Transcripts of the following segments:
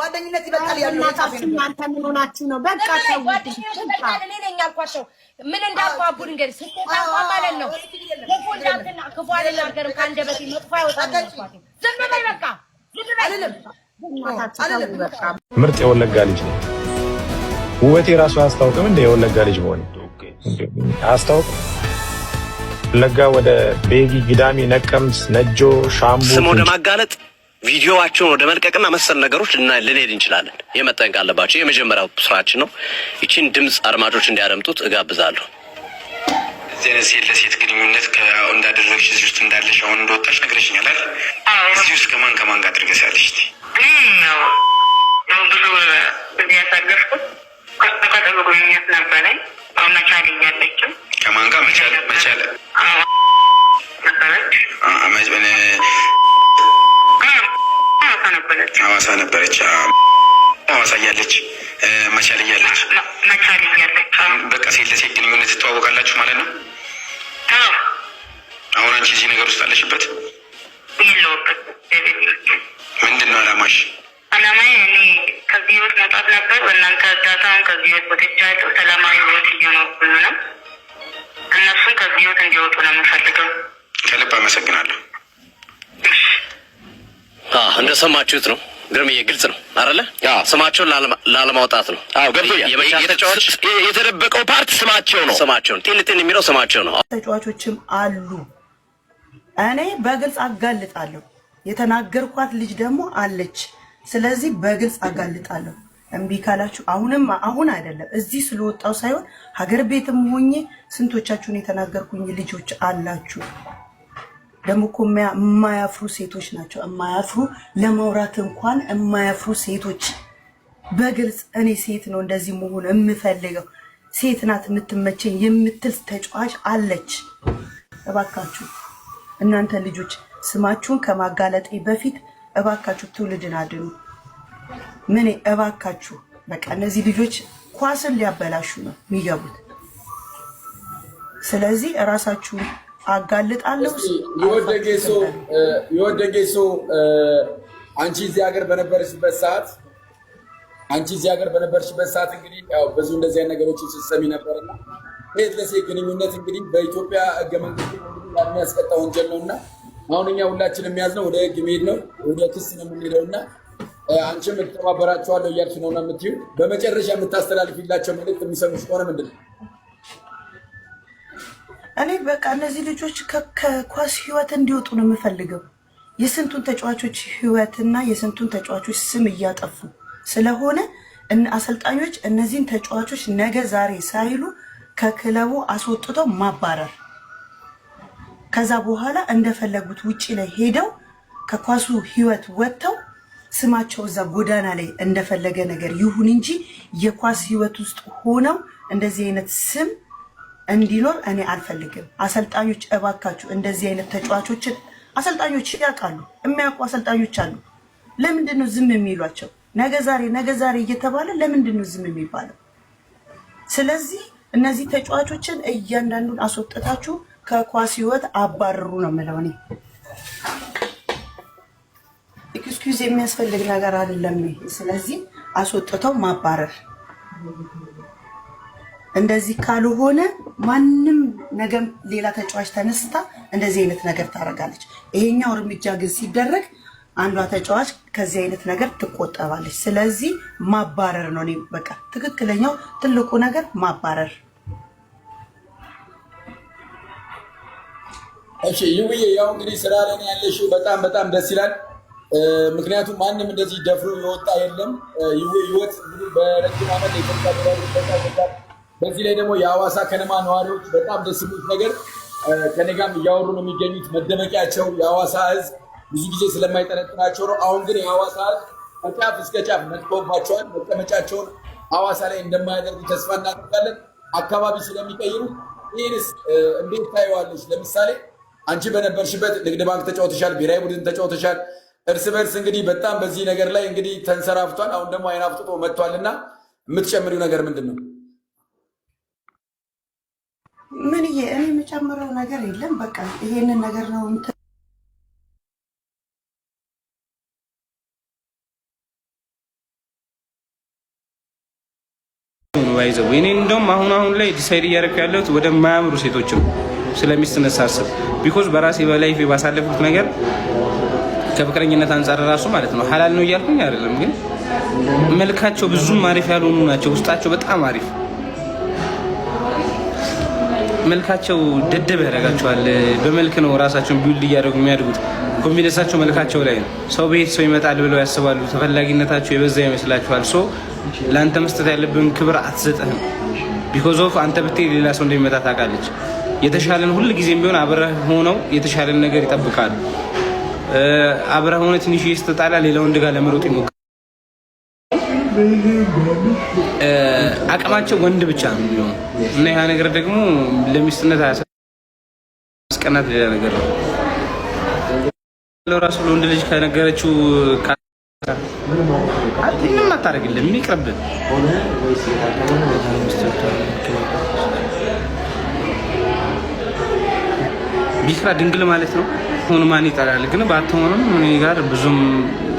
ጓደኝነት ይበቃል። ያለው እናንተ ምን ሆናችሁ ነው? በቃ ጓደኝነት እኔ ነኝ ያልኳቸው ምን እንዳቋቡ እንግዲህ ማለት ነው። ክፉ እንዳትና ክፉ አልናገርም፣ ከአንደበቴ መጥፎ አይወጣም። ዝም በል በቃ ዝም በል። ምርጥ የወለጋ ልጅ ነው። ውበቴ ራሱ አያስታውቅም እንደ የወለጋ ልጅ መሆን አያስታውቅም። ወለጋ ወደ ቤጊ፣ ነቀምት፣ ነጆ፣ ሻምቡ ቪዲዮዋቸውን ወደ መልቀቅና መሰል ነገሮች ልንሄድ እንችላለን። ይህ መጠንቅ አለባቸው። የመጀመሪያው ስራችን ነው። ይችን ድምፅ አድማጮች እንዲያደምጡት እጋብዛለሁ። እዚህ ሴት ለሴት ግንኙነት እንዳደረግሽ እዚህ ውስጥ እንዳለሽ አሁን እንደወጣሽ ነግረሽኛል እዚህ ውስጥ ከማን ከማን ጋር አድርገሻለሽ? መቻል ከማን ጋር መቻል መቻል ነበረች ሀዋሳ ነበረች። ሐዋሳ እያለች መቻል እያለች በቃ ሴት ለሴት ግንኙነት ትተዋወቃላችሁ ማለት ነው። አሁን አንቺ እዚህ ነገር ውስጥ አለሽበት። ምንድን ነው አላማሽ? አላማዬ እኔ ከዚህ ህይወት መውጣት ነበር። በእናንተ እርዳታ ከዚህ ህይወት ወጥቻለሁ። ሰላማዊ ህይወት እየኖርኩ ነው። እነሱን ከዚህ ህይወት እንዲወጡ ነው የምፈልገው። ከልብ አመሰግናለሁ። እንደሰማችሁት ነው። ግርምዬ ግልጽ ነው አረለ ስማቸውን ላለማውጣት ነው። ተጫዋች የተደበቀው ፓርት ስማቸው ነው ስማቸው ነው ጤንጤን የሚለው ስማቸው ነው። ተጫዋቾችም አሉ። እኔ በግልጽ አጋልጣለሁ። የተናገርኳት ልጅ ደግሞ አለች። ስለዚህ በግልጽ አጋልጣለሁ። እምቢ ካላችሁ አሁንም አሁን አይደለም እዚህ ስለወጣው ሳይሆን ሀገር ቤትም ሆኜ ስንቶቻችሁን የተናገርኩኝ ልጆች አላችሁ። ደግሞ እኮ የማያፍሩ ሴቶች ናቸው። የማያፍሩ ለማውራት እንኳን የማያፍሩ ሴቶች በግልጽ እኔ ሴት ነው እንደዚህ መሆን የምፈልገው ሴት ናት የምትመቸኝ የምትል ተጫዋች አለች። እባካችሁ እናንተ ልጆች ስማችሁን ከማጋለጤ በፊት እባካችሁ ትውልድን አድኑ። ምን እባካችሁ በቃ እነዚህ ልጆች ኳስን ሊያበላሹ ነው የሚገቡት። ስለዚህ እራሳችሁን አጋልጣለሁ። የወደጌ ሰው አንቺ እዚህ ሀገር በነበረችበት ሰዓት አንቺ እዚህ ሀገር በነበረችበት ሰዓት እንግዲህ ያው ብዙ እንደዚህ ነገሮችን ስትሰሚ ነበርና ሴት ለሴት ግንኙነት እንግዲህ በኢትዮጵያ ሕገ መንግስት የሚያስቀጣ ወንጀል ነው እና አሁን እኛ ሁላችን የሚያዝነው ወደ ሕግ መሄድ ነው፣ ወደ ክስ ነው የምንሄደው እና አንቺም እተባበራችኋለሁ እያልሽ ነው እና የምትይው በመጨረሻ የምታስተላልፊላቸው መልዕክት የሚሰሙሽ ከሆነ ምንድን ነው? እኔ በቃ እነዚህ ልጆች ከኳስ ህይወት እንዲወጡ ነው የምፈልገው። የስንቱን ተጫዋቾች ህይወትና የስንቱን ተጫዋቾች ስም እያጠፉ ስለሆነ አሰልጣኞች እነዚህን ተጫዋቾች ነገ ዛሬ ሳይሉ ከክለቡ አስወጥተው ማባረር፣ ከዛ በኋላ እንደፈለጉት ውጭ ላይ ሄደው ከኳሱ ህይወት ወጥተው ስማቸው እዛ ጎዳና ላይ እንደፈለገ ነገር ይሁን እንጂ የኳስ ህይወት ውስጥ ሆነው እንደዚህ አይነት ስም እንዲኖር እኔ አልፈልግም። አሰልጣኞች እባካችሁ እንደዚህ አይነት ተጫዋቾችን አሰልጣኞች ያውቃሉ፣ የሚያውቁ አሰልጣኞች አሉ። ለምንድን ነው ዝም የሚሏቸው? ነገ ዛሬ ነገ ዛሬ እየተባለ ለምንድን ነው ዝም የሚባለው? ስለዚህ እነዚህ ተጫዋቾችን እያንዳንዱን አስወጥታችሁ ከኳስ ህይወት አባርሩ ነው የምለው እኔ። ኤክስኪውዝ የሚያስፈልግ ነገር አይደለም። ስለዚህ አስወጥተው ማባረር እንደዚህ ካልሆነ ማንም ነገም ሌላ ተጫዋች ተነስታ እንደዚህ አይነት ነገር ታደርጋለች። ይሄኛው እርምጃ ግን ሲደረግ አንዷ ተጫዋች ከዚህ አይነት ነገር ትቆጠባለች። ስለዚህ ማባረር ነው። እኔ በቃ ትክክለኛው ትልቁ ነገር ማባረር። እሺ ይውዬ፣ ያው እንግዲህ ስራ ላይ ያለሽው። በጣም በጣም ደስ ይላል። ምክንያቱም ማንም እንደዚህ ደፍሮ የወጣ የለም። ይውዬ ህይወት በረጅም ዓመት የኢትዮጵያ በዚህ ላይ ደግሞ የሐዋሳ ከነማ ነዋሪዎች በጣም ደስ የሚሉት ነገር ከኔ ጋርም እያወሩ ነው የሚገኙት። መደመቂያቸው የሐዋሳ ህዝብ ብዙ ጊዜ ስለማይጠነጥናቸው ነው። አሁን ግን የሐዋሳ ህዝብ ከጫፍ እስከ ጫፍ መጥቶባቸዋል። መቀመጫቸውን ሐዋሳ ላይ እንደማያደርጉ ተስፋ እናደርጋለን። አካባቢ ስለሚቀይሩ ይህንስ እንዴት ታየዋለች? ለምሳሌ አንቺ በነበርሽበት ንግድ ባንክ ተጫውተሻል፣ ብሔራዊ ቡድን ተጫውተሻል። እርስ በርስ እንግዲህ በጣም በዚህ ነገር ላይ እንግዲህ ተንሰራፍቷል። አሁን ደግሞ አይናፍጥጦ አፍጥጦ መጥቷል እና የምትጨምሪው ነገር ምንድን ነው? ምን እኔ የምጨምረው ነገር የለም። በቃ ይሄንን ነገር ነው ይዘው እኔ እንደውም አሁን አሁን ላይ ዲሳይድ እያደረኩ ያለሁት ወደማያምሩ ሴቶች ነው ስለሚስነሳስብ ቢኮዝ በራሴ በላይ ባሳለፉት ነገር ከፍቅረኝነት አንጻር ራሱ ማለት ነው። ሀላል ነው እያልኩኝ አይደለም፣ ግን መልካቸው ብዙም አሪፍ ያልሆኑ ናቸው። ውስጣቸው በጣም አሪፍ መልካቸው ደደብ ያደርጋቸዋል። በመልክ ነው ራሳቸውን ቢውልድ እያደረጉ የሚያድጉት። ኮንፊደንሳቸው መልካቸው ላይ ነው። ሰው ቤት ሰው ይመጣል ብለው ያስባሉ። ተፈላጊነታቸው የበዛ ይመስላችኋል። ሶ ለአንተ መስጠት ያለብን ክብር አትሰጥህም። ቢኮዝ ኦፍ አንተ ብትሄድ ሌላ ሰው እንደሚመጣ ታውቃለች። የተሻለን ሁል ጊዜም ቢሆን አብረህ ሆነው የተሻለን ነገር ይጠብቃሉ። አብረህ ሆነ ትንሽ ስትጣላ ሌላ ወንድ ጋር ለመሮጥ ይሞክራል። አቅማቸው ወንድ ብቻ ነው የሚሆነው እና ያ ነገር ደግሞ ለሚስትነት አያስቀናት። ሌላ ነገር ነው ለራሱ ለወንድ ልጅ ከነገረችው ምንም አታደርግልህ። ምን ይቅርብህ? ቢስራ ድንግል ማለት ነው። ሆኖ ማን ይጠላል? ግን ባትሆንም እኔ ጋር ብዙም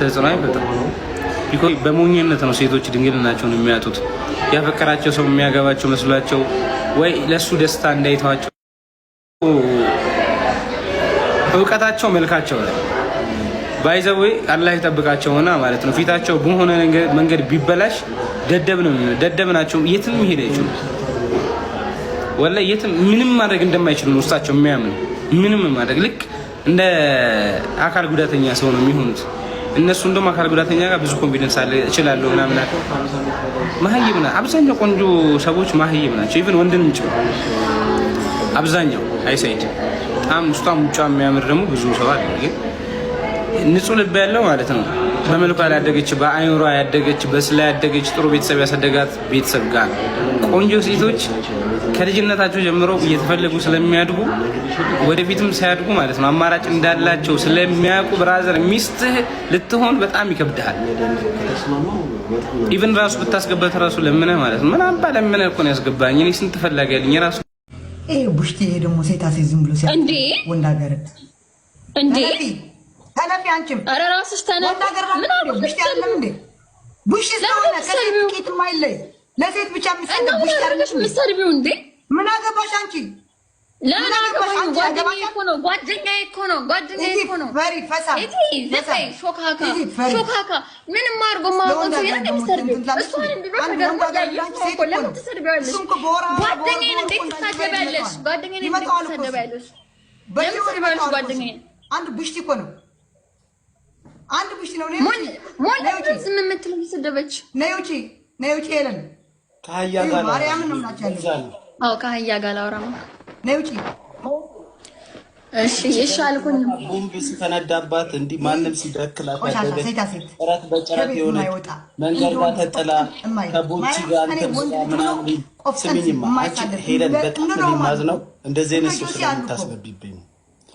ተጽዕኖ አይፈጥርም። በሞኝነት ነው ሴቶች ድንግልናቸውን የሚያጡት። ያፈቀራቸው ሰው የሚያገባቸው መስሏቸው ወይ ለእሱ ደስታ እንዳይተዋቸው እውቀታቸው መልካቸው ነው ባይዘዌ አላህ ይጠብቃቸውና ሆና ማለት ነው። ፊታቸው በሆነ መንገድ ቢበላሽ ደደብ ናቸው። የትም መሄድ ይችሉ ወላሂ የትም ምንም ማድረግ እንደማይችሉ ነው ውስጣቸው የሚያምን ምንም ማድረግ ልክ እንደ አካል ጉዳተኛ ሰው ነው የሚሆኑት። እነሱ እንደውም አካል ጉዳተኛ ጋር ብዙ ኮንፊደንስ አለ እችላለሁ ምናምን ማህይም ና አብዛኛው ቆንጆ ሰዎች ማህይም ናቸው። ኢቭን ወንድም ጭ አብዛኛው አይሳይድ በጣም ውስጧም ውጫ የሚያምር ደግሞ ብዙ ሰው አለ። ግን ንጹህ ልብ ያለው ማለት ነው በመልኳ ያደገች፣ በአይኑሯ ያደገች፣ በስላ ያደገች፣ ጥሩ ቤተሰብ ያሳደጋት ቤተሰብ ጋር ቆንጆ ሴቶች ከልጅነታቸው ጀምሮ እየተፈለጉ ስለሚያድጉ ወደፊትም ሲያድጉ ማለት ነው አማራጭ እንዳላቸው ስለሚያውቁ ብራዘር ሚስትህ ልትሆን በጣም ይከብድሃል። ኢቨን ራሱ ብታስገባት ራሱ ለምነህ ማለት ነው ምናምን ባለምነህ እኮ ነው ያስገባኝ። እኔ ስንት ፈላጊ ያለኝ ራሱ ይሄ ቡሽቲ ደግሞ ሴታ ሴት ዝም ብሎ ሲያ ወንድ ሀገር እንዴ ተለፍ ያንቺም። ኧረ እራስሽ ተነፍ። ምን አልኩሽ? ቡሽ ስለሆነ ከሴት ጥቂት ማይለይ ለሴት ብቻ የሚሰደብ ቡሽ ታርነሽ የምትሰድቢው እንዴ? ምን አገባሽ አንቺ? ለምን አገባሽ አንቺ? ጓደኛዬ እኮ ነው፣ ጓደኛዬ እኮ ነው፣ ጓደኛዬ እኮ ነው። ፈሪ ፈሳ እቲ ዘይ ሾካካ ሾካካ ምንም አድርጎ ማወቅ ነው ያለ የምትሰድቢው እሷን እንድሮሽ ነገር ጓደኛዬ እኮ ለምን ትሰድቢያለሽ? ጓደኛዬን እንዴት ትሳደቢያለሽ? ጓደኛዬን እንዴት ትሳደቢያለሽ? ለምን ትሰድቢያለሽ ጓደኛዬን? አንድ ቡሽቲ እኮ ነው አንድ ቡሽ ነው ነው ዝም የምትለው እየሰደበች ነይ ውጪ ነይ ውጪ የለም ከአህያ ጋር ማርያምን ነው የምላቸው አዎ ከአህያ ጋር ላውራማ ነይ ውጪ እሺ እሺ አልኩኝ ቦምብ ሲፈነዳባት እንዲህ ማንም ሲደክላት ያደረገች ጭረት በጭረት መንገድ ጋር ተጠላ ከቦምብ ጋር ምናምን ስሚኝማ ሄለን በጣም ነው እንደዚህ አይነት ሱስ ስለምታስገቢብኝ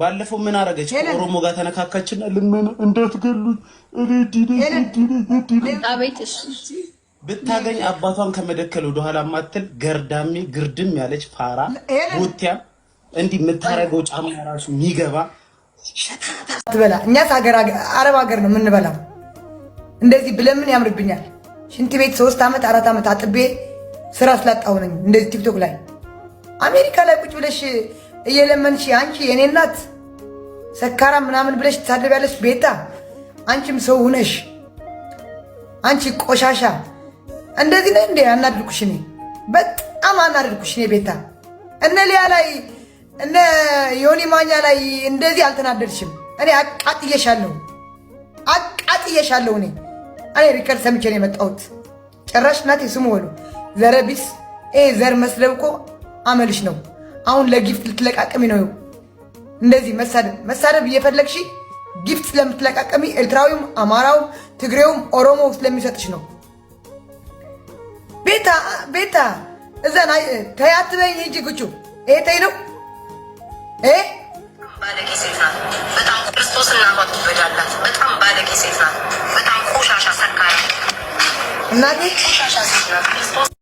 ባለፈው ምን አደረገች? ኦሮሞ ጋር ተነካካችና ልመና እንዳትገሉኝ ብታገኝ አባቷን ከመደከል ወደኋላ ማትል ገርዳሜ ግርድም ያለች ፋራ ቦቲያ እንዲህ የምታረገው ጫማ ራሱ የሚገባ ትበላ። እኛስ አረብ ሀገር ነው የምንበላው። እንደዚህ ብለምን ያምርብኛል። ሽንት ቤት ሶስት ዓመት አራት ዓመት አጥቤ ስራ ስላጣሁ ነኝ። እንደዚህ ቲክቶክ ላይ አሜሪካ ላይ ቁጭ ብለሽ እየለመንሽ አንቺ የኔ እናት ሰካራ ምናምን ብለሽ ትሳደቢያለሽ። ቤታ አንቺም ሰው ሁነሽ አንቺ ቆሻሻ እንደዚህ ነ እንዴ? አናድርኩሽ እኔ በጣም አናድርኩሽ እኔ ቤታ። እነ ሊያ ላይ እነ ዮኒ ማኛ ላይ እንደዚህ አልተናደድሽም። እኔ አቃጥየሻለሁ፣ አቃጥየሻለሁ። እኔ እኔ ሪከርድ ሰምቼ ነው የመጣሁት። ጭራሽ ናት ስሙ ወሉ ዘረቢስ ይሄ ዘር መስለብቆ አመልሽ ነው። አሁን ለጊፍት ልትለቃቀሚ ነው። እንደዚህ መሳደብ መሳደብ እየፈለግሽ ጊፍት ስለምትለቃቀሚ ኤርትራዊውም፣ አማራውም፣ ትግሬውም ኦሮሞ ስለሚሰጥሽ ነው። ቤታ ቤታ እዛ ተያትበኝ ሂጂ ጉቹ ይሄ ተይ ነው እ ባለጌ ሴት ናት። በጣም ክርስቶስ እናቷ ትበዳላት። በጣም ባለጌ ሴት ናት። በጣም ቆሻሻ ሰካራ እናቴ ቆሻሻ ሴት ናት። ክርስቶስ